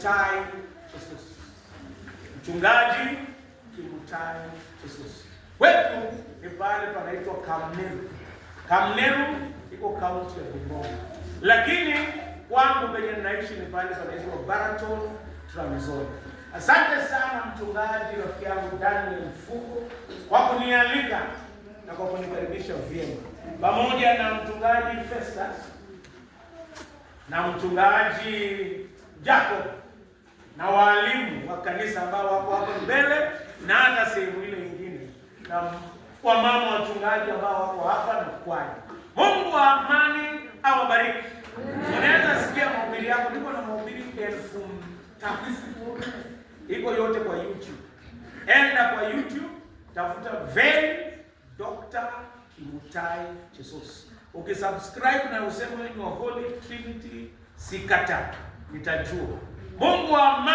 Kimtai Jesus. Mchungaji Kimtai Jesus. Wetu ni pale panaitwa Kamneru. Kamneru iko kaunti ya Bungoma. Lakini kwangu penye ninaishi ni pale panaitwa Baraton trans Asante sana mchungaji rafiki yangu Daniel Mfuko kwa kunialika na kwa kunikaribisha vyema pamoja na mchungaji Festus na mchungaji Jacob na waalimu wa kanisa ambao wako hapo mbele na hata sehemu ile nyingine, na kwa mama wachungaji ambao wako hapa na kwani. Mungu wa amani awabariki. Unaweza sikia mahubiri yako, niko na mahubiri elfu tatu iko yote kwa YouTube. Enda kwa YouTube, tafuta Veli Dr. Kimutai Jesus. Ukisubscribe na useme ni Holy Trinity sikata nitajua Mungu wa